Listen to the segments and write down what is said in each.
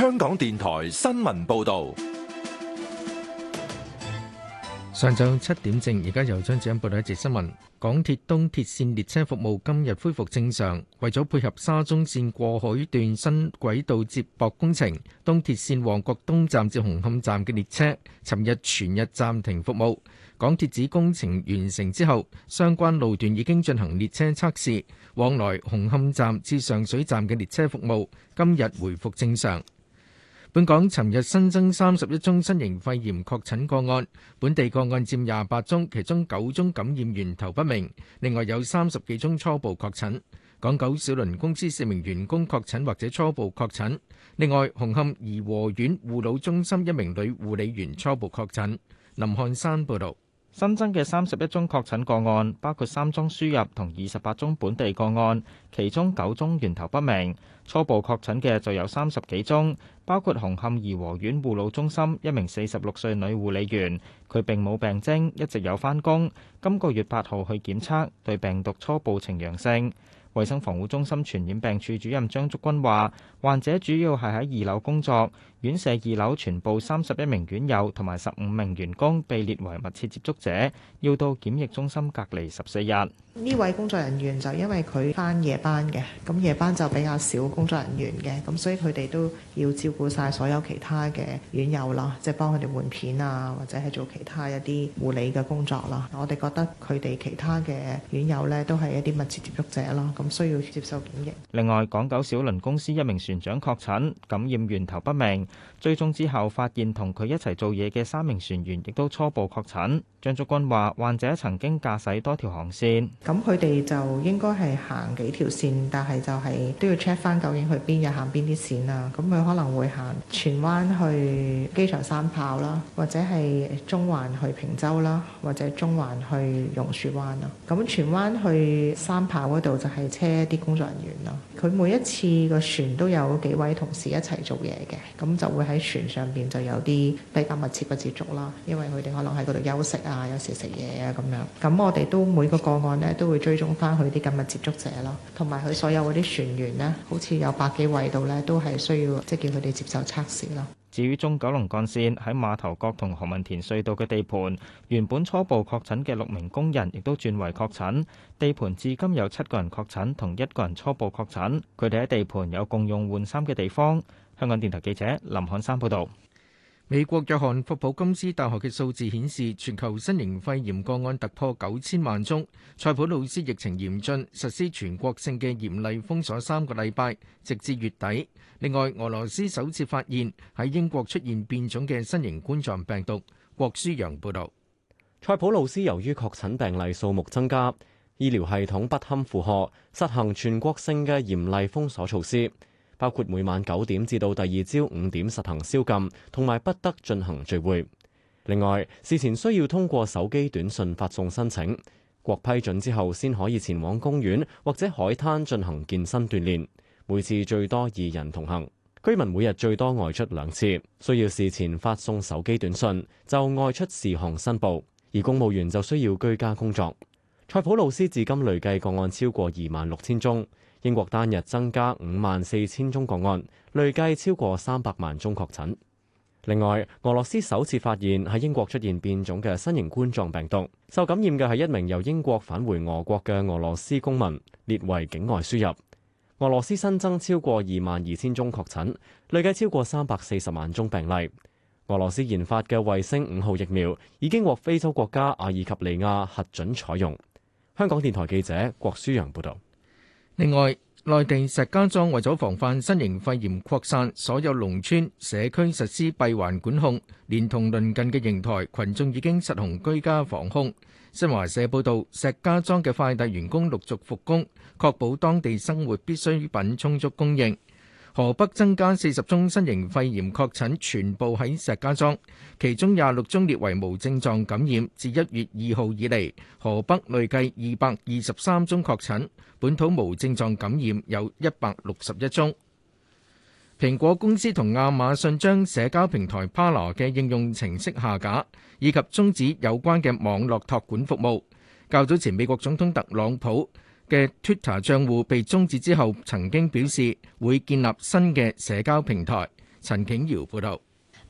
香港電台新聞報道，上晝七點正，而家由張子欣報道一節新聞。港鐵東鐵綫列車服務今日恢復正常。為咗配合沙中綫過海段新軌道接駁工程，東鐵綫旺角東站至紅磡站嘅列車尋日全日暫停服務。港鐵指工程完成之後，相關路段已經進行列車測試，往來紅磡站至上水站嘅列車服務今日回復正常。本港尋日新增三十一宗新型肺炎確診個案，本地個案佔廿八宗，其中九宗感染源頭不明，另外有三十幾宗初步確診。港九小輪公司四名員工確診或者初步確診，另外紅磡怡和苑護老中心一名女護理員初步確診。林漢山報導。新增嘅三十一宗確診個案，包括三宗輸入同二十八宗本地個案，其中九宗源頭不明。初步確診嘅就有三十幾宗，包括紅磡怡和院護老中心一名四十六歲女護理員，佢並冇病徵，一直有返工。今個月八號去檢測，對病毒初步呈陽性。衛生防護中心傳染病處主任張竹君話，患者主要係喺二樓工作，院舍二樓全部三十一名院友同埋十五名員工被列為密切接觸者，要到檢疫中心隔離十四日。呢位工作人員就因為佢翻夜班嘅，咁夜班就比較少工作人員嘅，咁所以佢哋都要照顧晒所有其他嘅院友啦，即係幫佢哋換片啊，或者係做其他一啲護理嘅工作啦。我哋覺得佢哋其他嘅院友咧都係一啲密切接觸者咯，咁需要接受檢疫。另外，港九小輪公司一名船長確診，感染源頭不明，追蹤之後發現同佢一齊做嘢嘅三名船員亦都初步確診。張竹君話，患者曾經駕駛多條航線。咁佢哋就應該係行幾條線，但係就係都要 check 翻究竟去邊日行邊啲線啦、啊。咁佢可能會行荃灣去機場三跑啦，或者係中環去坪洲啦，或者中環去榕樹灣啦。咁荃灣去三跑嗰度就係車啲工作人員咯。佢每一次個船都有幾位同事一齊做嘢嘅，咁就會喺船上邊就有啲比較密切嘅接觸啦。因為佢哋可能喺嗰度休息啊，有時食嘢啊咁樣，咁我哋都每個個案咧。都會追蹤翻佢啲咁嘅接觸者咯，同埋佢所有嗰啲船員呢，好似有百幾位度呢，都係需要即係叫佢哋接受測試咯。至於中九龍幹線喺馬頭角同何文田隧道嘅地盤，原本初步確診嘅六名工人亦都轉為確診。地盤至今有七個人確診，同一個人初步確診。佢哋喺地盤有共用換衫嘅地方。香港電台記者林漢山報道。美國約翰霍普金斯大學嘅數字顯示，全球新型肺炎個案突破九千萬宗。塞浦路斯疫情嚴峻，實施全國性嘅嚴厲封鎖三個禮拜，直至月底。另外，俄羅斯首次發現喺英國出現變種嘅新型冠狀病毒。郭舒揚報導。塞浦路斯由於確診病例數目增加，醫療系統不堪負荷，實行全國性嘅嚴厲封鎖措施。包括每晚九點至到第二朝五點實行宵禁，同埋不得進行聚會。另外，事前需要通過手機短信發送申請，獲批准之後先可以前往公園或者海灘進行健身鍛煉。每次最多二人同行。居民每日最多外出兩次，需要事前發送手機短信就外出事項申報。而公務員就需要居家工作。塞浦路斯至今累計個案超過二萬六千宗。英國單日增加五萬四千宗個案，累計超過三百萬宗確診。另外，俄羅斯首次發現喺英國出現變種嘅新型冠狀病毒，受感染嘅係一名由英國返回俄國嘅俄羅斯公民，列為境外輸入。俄羅斯新增超過二萬二千宗確診，累計超過三百四十萬宗病例。俄羅斯研發嘅衛星五號疫苗已經獲非洲國家阿爾及利亞核准採用。香港電台記者郭舒陽報道。另外，內地石家莊為咗防範新型肺炎擴散，所有農村社區實施閉環管控，連同鄰近嘅邢台，群眾已經實行居家防控。新華社報道，石家莊嘅快遞員工陸續復工，確保當地生活必需品充足供應。河北增加四十宗新型肺炎確診，全部喺石家莊，其中廿六宗列為無症狀感染。自一月二號以嚟，河北累計二百二十三宗確診，本土無症狀感染有一百六十一宗。蘋果公司同亞馬遜將社交平台 Parler 嘅應用程式下架，以及終止有關嘅網絡託管服務。較早前，美國總統特朗普嘅 Twitter 賬戶被終止之後，曾經表示會建立新嘅社交平台。陳景瑤報導，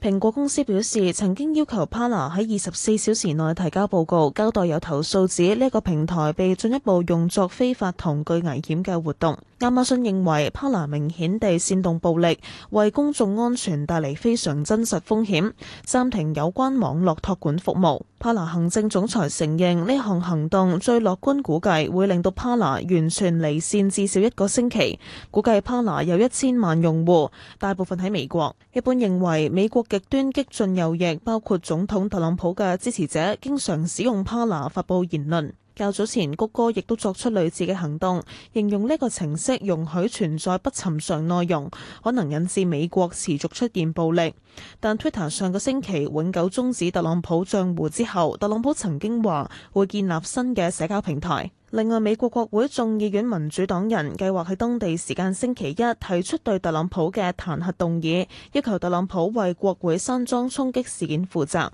蘋果公司表示曾經要求 Pana 喺二十四小時內提交報告，交代有投訴指呢個平台被進一步用作非法同具危險嘅活動。亞馬遜認為帕拿明顯地煽動暴力，為公眾安全帶嚟非常真實風險，暫停有關網絡託管服務。帕拿行政總裁承認呢項行，行動，最樂觀估計會令到帕拿完全離線至少一個星期。估計帕拿有一千萬用戶，大部分喺美國。一般認為美國極端激進右翼，包括總統特朗普嘅支持者，經常使用帕拿發布言論。較早前，谷歌亦都作出類似嘅行動，形容呢個程式容許存在不尋常內容，可能引致美國持續出現暴力。但 Twitter 上個星期永久終止特朗普帳戶之後，特朗普曾經話會建立新嘅社交平台。另外，美國國會眾議院民主黨人計劃喺當地時間星期一提出對特朗普嘅彈劾動議，要求特朗普為國會山莊衝擊事件負責。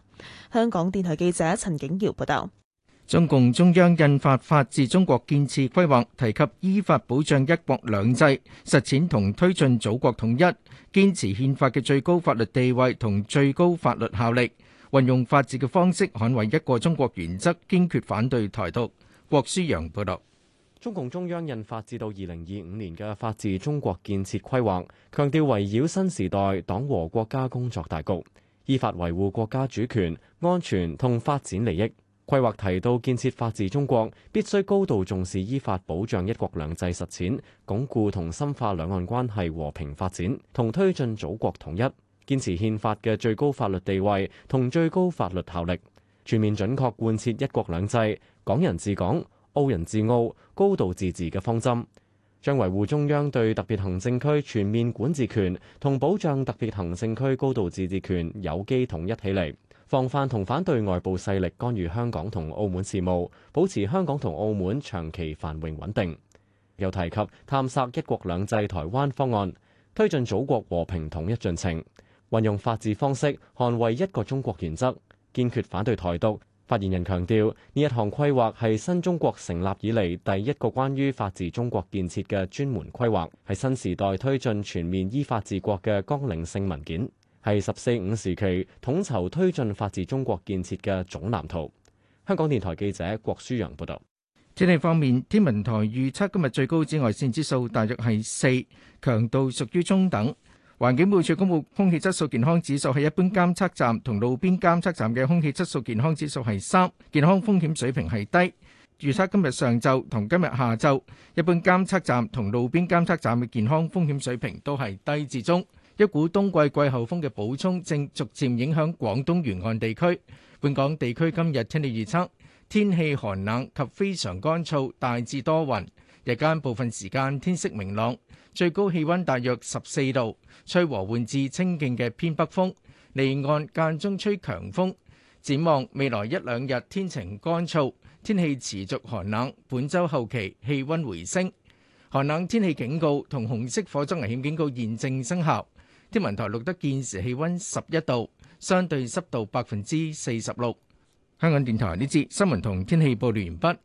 香港電台記者陳景堯報道。中共中央印發《法治中國建設規劃》，提及依法保障一國兩制、實踐同推進祖國統一，堅持憲法嘅最高法律地位同最高法律效力，運用法治嘅方式捍衛一個中國原則，堅決反對台獨。郭舒陽報道：中共中央印發至到二零二五年嘅《法治中國建設規劃》，強調圍繞新時代黨和國家工作大局，依法維護國家主權、安全同發展利益。規劃提到，建設法治中國必須高度重視依法保障一國兩制實踐，鞏固同深化兩岸關係和平發展，同推進祖國統一。堅持憲法嘅最高法律地位同最高法律效力，全面準確貫徹一國兩制、港人治港、澳人治澳、高度自治嘅方針，將維護中央對特別行政區全面管治權同保障特別行政區高度自治權有機統一起嚟。防範同反對外部勢力干預香港同澳門事務，保持香港同澳門長期繁榮穩定。又提及探索一國兩制台灣方案，推進祖國和平統一進程，運用法治方式捍衛一個中國原則，堅決反對台獨。發言人強調，呢一項規劃係新中國成立以嚟第一個關於法治中國建設嘅專門規劃，係新時代推進全面依法治國嘅綱領性文件。係十四五時期統籌推進法治中國建設嘅總藍圖。香港電台記者郭書陽報道。天氣方面，天文台預測今日最高紫外線指數大約係四，強度屬於中等。環境保護署公布空氣質素健康指數係一般監測站同路邊監測站嘅空氣質素健康指數係三，健康風險水平係低。預測今日上晝同今日下晝，一般監測站同路邊監測站嘅健康風險水平都係低至中。一股冬季季候風嘅補充正逐漸影響廣東沿岸地區，本港地區今日天氣預測，天氣寒冷及非常乾燥，大致多雲，日間部分時間天色明朗，最高氣溫大約十四度，吹和緩至清勁嘅偏北風。離岸間中吹強風。展望未來一兩日天晴乾燥，天氣持續寒冷。本周後期氣溫回升，寒冷天氣警告同紅色火災危險警告現正生效。天文台錄得現時氣溫十一度，相對濕度百分之四十六。香港電台呢節新聞同天氣報道完畢。